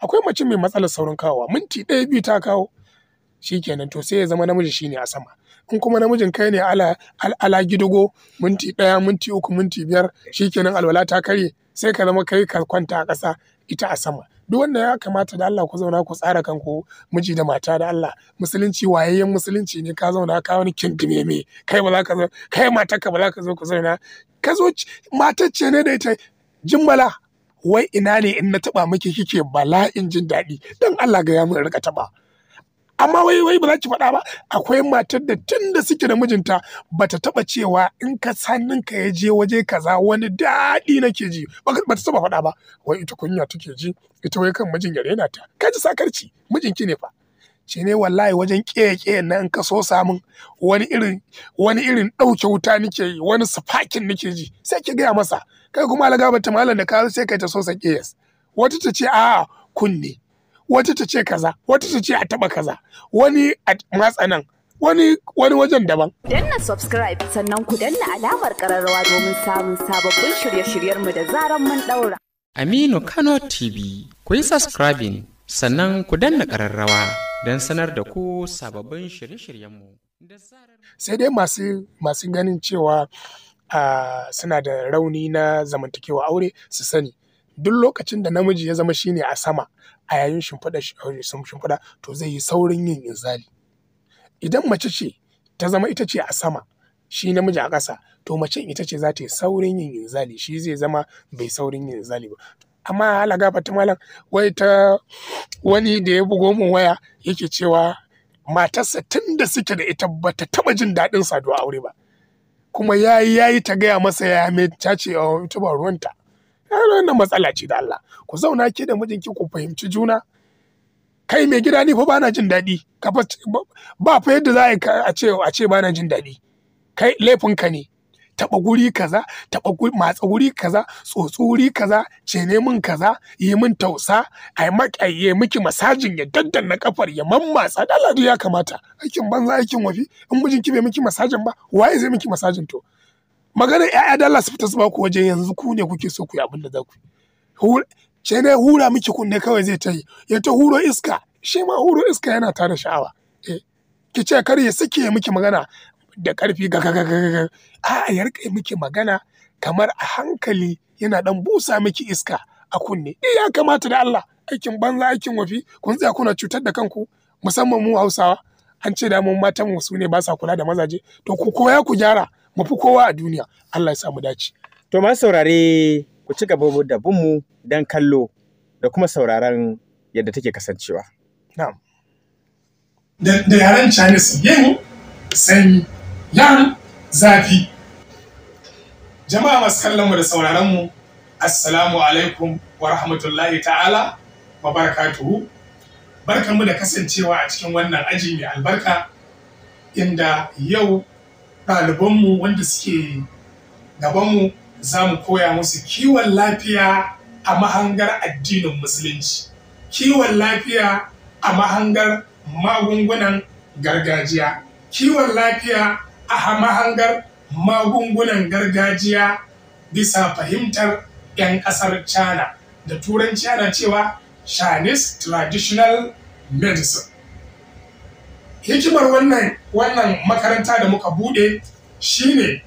akwai mace mai matsalar saurin kawowa minti ɗaya biyu ta kawo shikenan to sai ya zama namiji shine a sama in kuma namijin kai ne ala ala gidigo minti ɗaya minti uku minti biyar shikenan alwala ta karye sai ka zama kai ka kwanta a ƙasa ita a sama duk wanda ya kamata da Allah ku zauna ku tsara kanku miji da mata da Allah musulunci wayayyen musulunci ne ka zauna ka wani kindime me kai ba za ka zo kai ka ba za ka zo ku zauna ka zo matacce ne da ita jimbala wai ina ne in na taba miki kike in jin daɗi dan Allah ga ya mun rika taba amma wai wai ba za ki faɗa ba akwai matar da tun da suke da mijinta ba ta taba cewa in ka ka ya je waje kaza wani daɗi na ke ji ba ta taba faɗa ba wai ita kunya take ji ita wai kan mijin yare na ta kaji sakarci mijinki ne fa shi ne wallahi wajen ƙeƙe na in ka so samun wani irin wani irin ɗauke wuta nake yi wani sufakin nake ji sai ki gaya masa kai kuma alaga ta malam da ka sai kai ta so sa ƙeyas wata ta ce a kunne wata ta ce kaza wata ta ce a taba kaza wani a matsa nan wani wani wajen daban. Danna subscribe sannan ku danna alamar kararrawa domin samun sababbin shirye-shiryenmu da zaran mun daura. Aminu Kano TV, ku yi subscribing sannan ku danna kararrawa. don sanar da ku sababbin shirye-shiryenmu. Sai dai masu ganin cewa uh, suna da rauni na zamantakewa aure su sani. Duk lokacin da namiji ya zama shine a sama a yayin shimfiɗa to zai yi saurin yin inzali. Idan mace ce ta zama ita ce a sama shi namiji a ƙasa to mace ita ce za ta yi saurin yin inzali shi zai zama bai saurin yin inzali ba. Amma halaga gaba ta malam wai ta wani da ya bugo min waya yake cewa matarsa tun da suke da ita ba ta taɓa jin daɗin saduwa aure ba kuma ya yi ta gaya masa ya mai ta ce oh, ita ba ruwanta wannan matsala ce da Allah ku zauna ke da mijinki ku fahimci juna kai mai gida ni fa bana jin daɗi ba fa yadda za a ce a ce bana jin daɗi kai laifinka ne taba guri kaza taba matsa guri kaza tsotsu guri kaza ce min kaza yi min tausa ai makaye miki masajin ya daddan na kafar ya mammatsa daladu ya kamata aikin banza aikin wafi in mijinki bai miki masajin ba waye zai miki masajin to magana ƴaƴa dala su fita su ba ku waje yanzu ku ne kuke so ku yi abin da za ku yi ce hura miki kunne kawai zai ta yi ya ta huro iska shi ma huro iska yana tare sha'awa eh ki ce kar ya sake miki magana da ƙarfi ga ga ga ga a ya rika miki magana kamar a hankali yana dan busa miki iska a kunne eh ya kamata da Allah aikin banza aikin wafi kun tsaya kuna cutar da kanku musamman mu Hausawa an ce da mun matan mu su ne ba sa kula da mazaje to ku koya ku gyara mu fi kowa a duniya Allah ya sa mu dace to ma saurare ku ci gaba da bin mu dan kallo da kuma sauraron yadda take kasancewa na'am da yaren Chinese yin sanyi yan zafi jama'a masu kallon mu da sauraron mu assalamu alaikum wa rahmatullahi ta'ala wa barakatuhu barkan mu da kasancewa a cikin wannan aji mai albarka inda yau ɗalibanmu wanda suke mu za mu koya musu kiwon lafiya a mahangar addinin musulunci kiwon lafiya a mahangar magungunan gargajiya kiwon lafiya a mahangar magungunan gargajiya bisa fahimtar 'yan ƙasar china da turanci ana cewa chinese traditional medicine hikimar wannan wannan makaranta da muka bude shine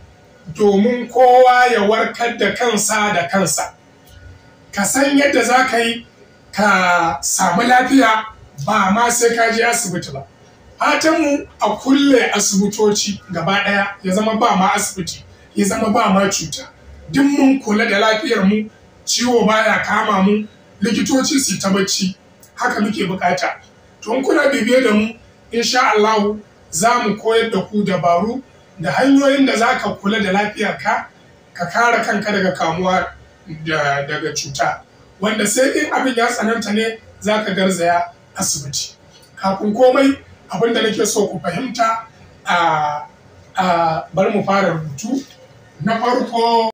domin kowa ya warkar da kansa da kansa ka san yadda za ka yi ka samu lafiya ba ma sai ka je asibiti ba mu a kulle asibitoci gaba ɗaya ya zama ba ma asibiti ya zama ba ma cuta duk mun kula da lafiyar mu ciwo baya kama mu likitoci su ta bacci haka muke bukata to kuna bibiye da mu insha Allah za mu koyar da ku dabaru da hanyoyin da za ka kula da lafiyar ka ka kare kanka daga kamuwa daga cuta wanda sai in abin ya tsananta ne za ka garzaya asibiti kafin komai abinda da nake so ku fahimta a bari mu fara rubutu na farko